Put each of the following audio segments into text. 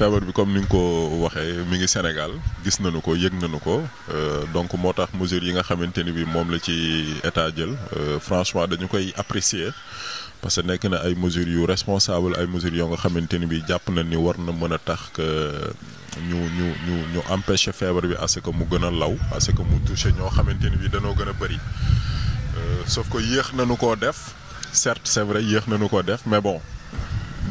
feebar bi comme ni nga ko waxee mi ngi Sénégal gis nañu ko yëg nañu ko euh, donc moo tax mesures yi nga xamante ni bi moom la ci état jël euh, franchement dañu koy apprécier parce que nekk na ay mesures yu responsable ay mesures yoo nga xamante ni bi jàpp na ni war na mën a tax que ñu ñu ñu ñu empêcher feebar bi à ce que mu gën a law à ce que mu toucher ñoo xamante ni bi danoo gën a bëri euh, sauf que yéex nañu ko def certes c'est yéex nañu koo def mais bon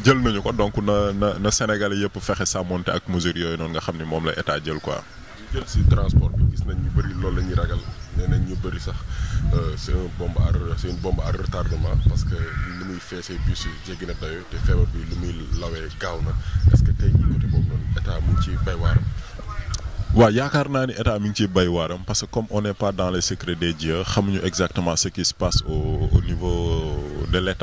jël nañu ko donc na na na Sénégalais yëpp fexe sàmmonte ak mesure yooyu noonu nga xam ni moom la état jël quoi. jël si transport bi gis nañ ñu bëri loolu la ñuy ragal nee nañ ñu bëri sax euh, c' est un bombe à c' est retardement parce que li muy feesee bus yi jéggi na dayo te feebar bi lu muy lawee gaaw na est ce que tey jii côté boobu noonu état mu ngi ciy bay waaram. waa yaakaar naa ni état mi ngi ciy bay waaram parce que comme on n'est pas dans les secrets des dieux xamuñu exactement ce qui se passe au au niveau de l'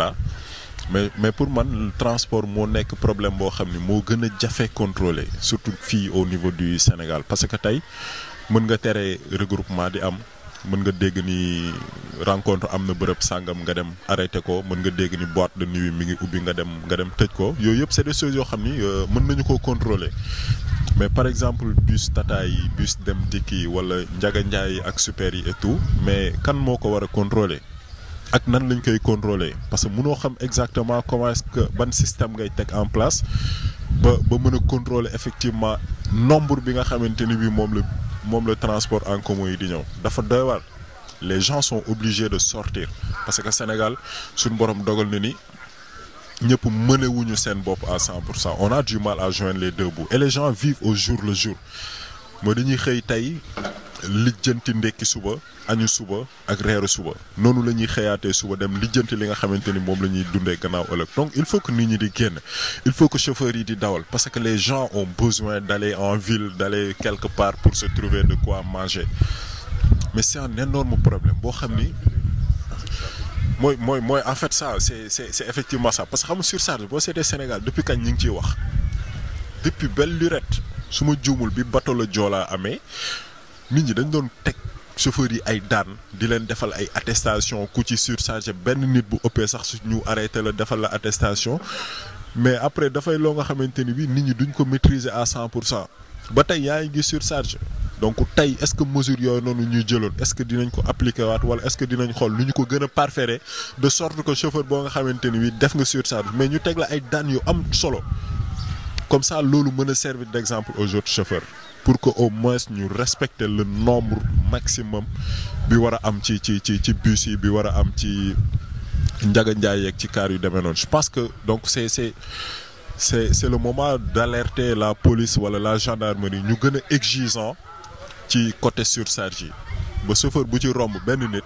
mais mais pour man transport moo nekk problème boo xam ni moo gën a jafe contrôler surtout fii au niveau du Sénégal parce que tey mën nga tere regroupement di am mën nga dégg ni rencontre am na bërëb sàngam nga dem arrêté ko mën nga dégg ni boîte de nuit mi ngi ubbi nga dem nga dem tëj ko yooyu yëpp c'est des yoo xam ni euh, mën nañu ko contrôler mais par exemple bus tata yi bus dem dikk yi wala njaga njaay yi ak super yi et tout mais kan moo ko war a contrôler ak nan lañ koy contrôler parce que mënoo xam exactement comment est-ce que ban système ngay teg en place ba ba mën a contrôler effectivement nombre bi nga xamante ni bi moom la moom la transport en commun yi di ñëw dafa doy les gens sont obligés de sortir parce que Sénégal suñ borom dogal na ni ñëpp mënewuñu seen bopp à 100 pour cent on a du mal à joindre les deux bouts et les gens vivent au jour le jour moo dañuy xëy tey lijjanti ndekki suba añu suba ak reeru suba noonu la ñuy xëyaatee suba dem lijjanti li nga xamante ni moom la ñuy dundee gannaaw ëllëg donc il faut que nit ñi di génn il faut que chauffeurs yi di dawal parce que les gens ont besoin d'aller en ville d'aller quelque part pour se trouver de quoi manger mais c'est un énorme problème boo xam ni mooy mooy mooy en fait ça c'est c'est effectivement ça parce que xam nga surcharge boo seetee Sénégal depuis kañ ñu ngi ciy wax su ma juumul bi bateau la amee nit ñi dañu doon teg chauffeur yi ay daan di leen defal ay attestation ku ci surchargé benn nit bu ëppee sax su ñu arrêté la defal la attestation mais après dafay loo nga xamante ni bi nit ñi duñ ko maîtriser à cent pour cent ba tey yaa ngi gis surcharge donc tey est-ce que mesure yooyu noonu ñuy jëloon est-ce que dinañ ko appliquer waat wala est-ce que dinañ xool lu ñu ko gën a parfaire de sorte que chauffeur boo nga xamante ni bi def nga surcharge mais ñu teg la ay daan yu am solo comme ça loolu mën a servir d'exemple aux autres chauffeurs pour que au moins ñu respecter le nombre maximum bi war a am ci ci ci ci bus yi bi war a am ci njaga njaay yeeg ci kaar yu demee noonu je que donc c'est c'est c'est c'est le moment d'alerter la police wala la gendarmerie ñu gën a exigeant ci côté surcharge yi ba chauffeur bu ci romb benn nit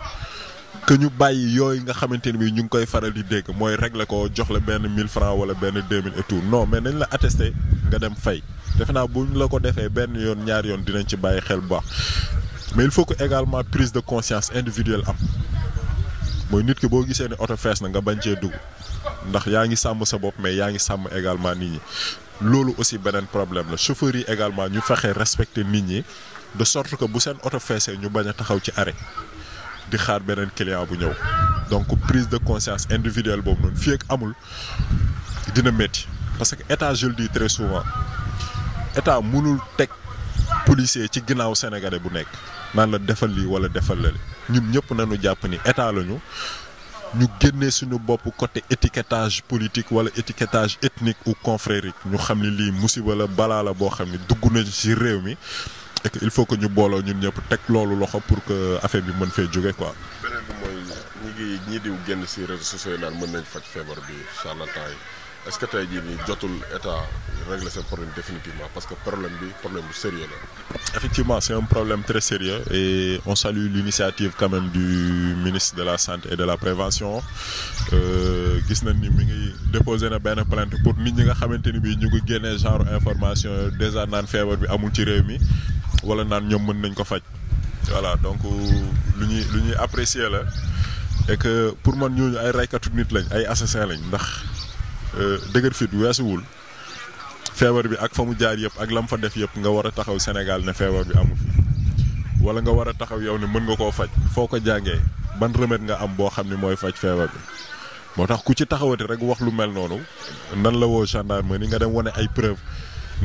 que ñu bàyyi yooyu nga xamante ni bi ñu ngi koy faral di dégg mooy régler ko jox la benn 1000 francs wala benn 2000 et tout non mais nañ la attester nga dem fay. defe naa bu ñu la ko defee benn yoon ñaar yoon dinañ ci bàyyi xel bu baax mais il faut que également prise de conscience individuelle am mooy nit ki boo gisee ne auto fees na nga bañ cee dugg ndax yaa ngi sàmm sa bopp mais yaa ngi sàmm également nit ñi loolu aussi beneen problème la chauffeur également ñu fexee respecter nit ñi de sorte que bu seen oto feesee ñu bañ a taxaw ci arrêt di xaar beneen client bu ñëw donc prise de conscience individuelle boobu noonu fii amul dina métti parce que état état mënul teg policier ci ginnaaw sénégalais bu nekk naan la defal lii wala defal la ñun ñëpp nañu jàpp ni état lañu ñu génnee suñu bopp côté étiquetage politique wala étiquetage ethnique ou confrérique ñu xam ni lii musiba la balaa la boo xam ni dugg nañu ci réew mi et il faut que ñu booloo ñun ñëpp teg loolu loxo pour que affaire bi mën fee jóge quoi. beneen mooy ñi ngi ñi diw génn si réseaux mën nañ faj feebar bi charlatan yi est-ce que tey jii nii jotul état régler ce problème définitivement parce que problème bi problème bu sérieux la. effectivement c'est un problème très sérieux et on salue l'initiative quand du ministre de la santé et de la prévention euh, gis nañ ni mi ngi déposé na benn plainte pour nit ñi nga xamante ni bii ñu ngi génnee genre information déjà naan feebar bi amul ci réew mi wala naan ñoom mën nañ ko faj voilà donc lu ñuy lu ñuy apprécier la et que pour man ñu ay raykatu nit lañ ay assassin lañ ndax. Euh, dëgër fit weesuwul feebar bi ak fa mu jaar yëpp ak la mu fa def yëpp nga war a taxaw Sénégal ne feebar bi amu fi wala nga war a taxaw yow ne mën nga koo faj foo ko jàngee ban remède nga am boo xam ne mooy faj feebar bi. moo tax ku ci taxawati rek wax lu mel noonu nan la woo ni nga dem wane ay preuve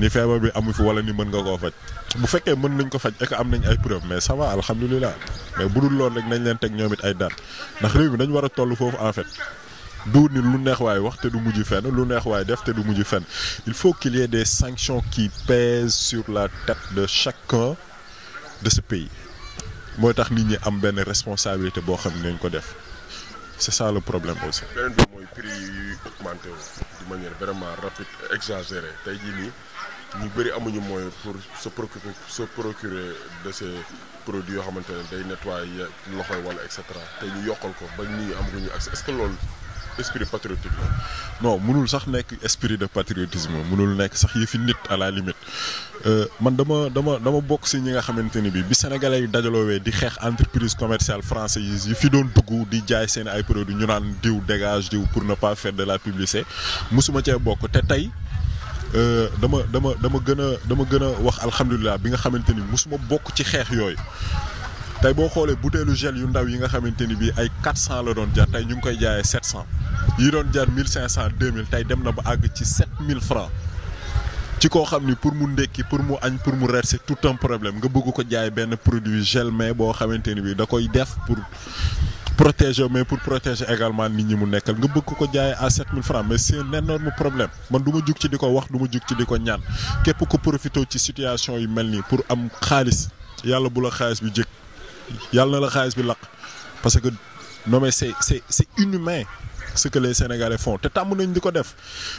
ni feebar bi amu fi wala ni mën nga koo faj bu fekkee mën nañ ko faj ek am nañ ay preuve mais ça va alhamdulilah mais bu dul loolu rek nañ leen teg ñoom ay daan ndax réew mi dañ war a toll foofu en du ni lu neex waay wax te du mujj fenn lu neex waay def te du mujj fenn il faut qu'il y des sanctions qui pèsent sur la tête de chacun de ce pays mooy tax nit ñi am benn responsabilité boo xam ne nañ ko def c'est ça le problème aussi. beneen bi mooy prix yuy augmenté de manière vraiment rapide exagérée tey jii nii ñu bëri amuñu mooy pour se procurer se procurer de ces produits yoo xamante ne day nettoyer loxo wala et cetera te ñu yokkal ko ba nit ñi amaguñu accès est-ce que loolu. esprit patriotique la non mënul sax nekk esprit de patriotisme mënul nekk sax yëfi nit à la limite euh, man dama dama dama bokk si ñi nga xamante ni bi bi sénégalais yu dajaloowee di xeex entreprise commerciale française yi fi doon dugg di jaay seen ay produits ñu naan diw dégage diw pour ne pas faire de la publicité mosuma cee bokk te tey euh, dama dama dama gën a dama gën a wax alhamdulilah bi nga xamante ni mosuma bokk ci xeex yooyu tey boo xoolee butéelu gel yu ndaw yi nga xamante ni bii ay 400 la doon jar tey ñu ngi koy jaayee 700 yi doon jar 1500 2000 tey dem na ba àgg ci 7000 francs ci koo xam ni pour mu ndékki pour mu añ pour mu reer c'est tout un problème nga bëgg ko jaay benn produit gel mais boo xamante ni bii da koy def pour protéger mais pour protéger également nit ñi mu nekkal nga bëgg ko jaayee à 7000 francs mais c'est un énorme problème man du ma jug ci di ko wax du ma jug ci di ko ñaan képp ko profité ci situation yu mel nii pour am xaalis yàlla bu xaalis bi jëkk yàlla na la xaalis bi laq parce que non mais c'est c'est c'est inhumain ce que les Sénégalais font te tàmm nañ di ko def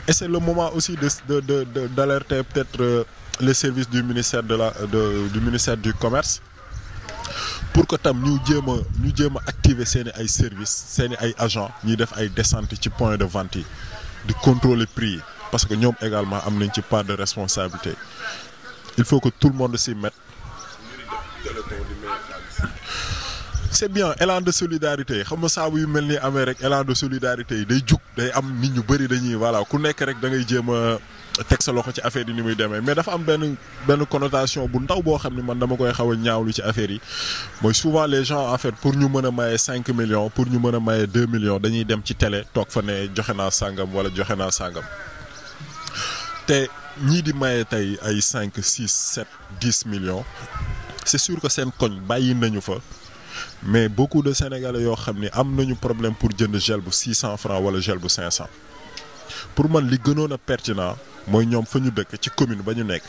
est c'est le moment aussi de de de d'alerter peut-être euh, les services du ministère de la de du ministère du commerce pour que tam ñu jéem a ñu jéem a activer seen ay services seen ay agents ñuy def ay descentes ci point de vente yi di contrôler prix yi parce que ñoom également am nañ ci part de responsabilité il faut que tout le monde s'y mette c'est bien élan de solidarité xam nga saabu yu mel ni amee rek élan de solidarité yi day jug day am nit ñu bëri dañuy voilà ku nekk rek da ngay jéem a teg sa loxo ci affaire yi ni muy demee mais dafa am benn benn connotation bu ndaw boo xam ne man dama koy xaw a ñaawlu ci affaire yi mooy souvent les gens pour ñu mën a maye cinq millions pour ñu mën a maye deux millions dañuy dem ci télé toog fa ne joxe naa sàngam wala joxe naa sàngam te ñii di may tey ay cinq six sept dix millions c'est sûr que seen koñ bàyyi nañu fa mais beaucoup de sénégalais yoo xam ni am nañu problème pour jënd gel bu 600 francs wala gel bu 500 pour man li gënoon a pertinent mooy ñoom fa ñu dëkk ci commune ba ñu nekk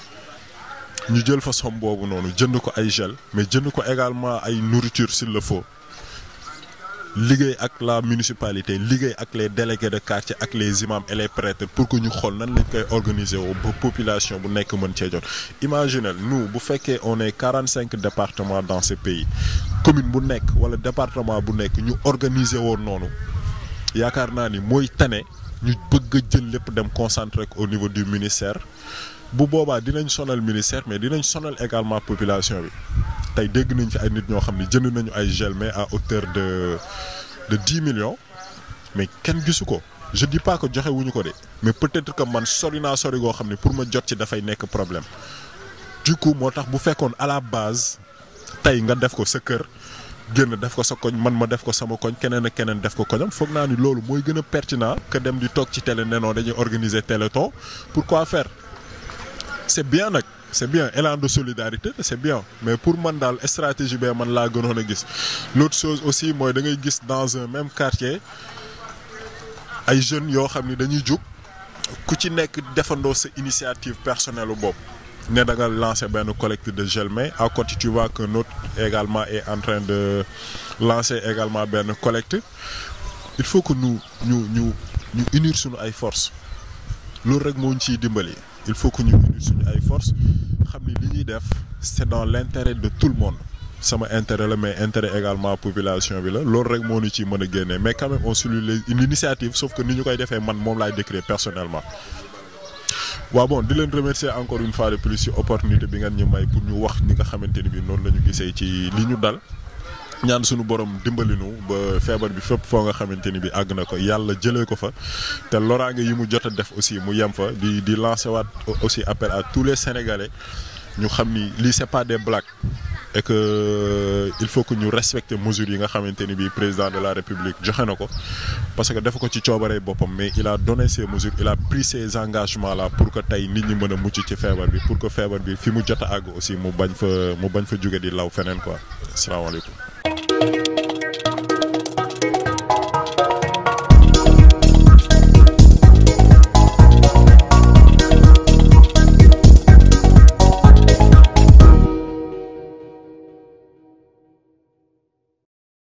ñu jël fa somme boobu noonu jënd ko ay gel mais jënd ko également ay nourriture si le faut. liggéey ak la municipalité liggéey ak les délégués de quartier ak les imams et les prêtres pour que ñu xool nan lañ koy organiser woo ba population bu nekk mën cee jot imaginez nous bu fekkee on est quarante cinq départements dans ce pays commune bu nekk wala département bu nekk ñu organiser woon noonu yaakaar naa ni mooy tane ñu bëgg a jël lépp dem concentrer ko au niveau du ministère bu boobaa dinañ sonal ministère mais dinañ sonal également population bi tey dégg nañ fi ay nit ñoo xam ne jënd nañu ay gel mais à hauteur de de dix millions mais kenn gisu ko je di pas ko joxe wuñu ko de mais peut-être que man sori naa sori goo xam ne pour ma jot ci dafay nekk problème du moo tax bu fekkoon à la base tey nga def ko sa kër génn def ko sa koñ man ma def ko sama koñ keneen ak keneen def ko koñam foog naa ni loolu mooy gën a dem di toog ci télé nenoo dañuy organiser téléthon pourquoi faire c' est bien nag c' est bien élan de solidarité c' est bien mais pour man daal stratégie bee man laa gënoon gis l' autre chose aussi mooy da ngay gis dans un même quartier ay jeunes yoo xam ni dañuy jug ku ci nekk defandoo sa initiative personnelle bopp. ne da nga lancer benn collecte de gel mais à côté tu vois qu'un également et en train de lancer également benn collecte il faut que ñu ñu ñu ñu unir suñu ay force loolu rek moo ñu ciy dimbali. il faut que ñu unir suñu ay force xam ni li ñuy def c'est dans l'intérêt de tout le monde sama intérêt la mais intérêt également population bi la loolu rek moo ñu ci mën a génnee mais quand même on salue l'initiative sauf que ni ñu koy defee man moom laay décrire personnellement. waaw ouais bon di leen remercier encore une fois de plus opportunité bi ngeen ñu may pour ñu wax ñi nga xamante ni bi noonu la ñu gisee ci li ñu dal. ñaan suñu borom dimbalinu ba feebar bi fépp foo nga xamante ni bi àgg na ko yàlla jëlee ko fa te loraange yi mu jot def aussi mu yem fa di di lancer waat aussi appel à tous les sénégalais ñu xam ni li c'est pas des blagues et que euh, il faut que ñu respecter mesures yi nga xamante ni bi président de la république joxe na ko parce que dafa ko ci coobaree boppam mais il a donné ses mesures il a pris ses engagements là pour que tey nit ñi mën a mucc ci feebar bi pour que feebar bi fi mu jot a aussi mu bañ fa bañ fa jóge di law feneen quoi asalaamaaleykum thank you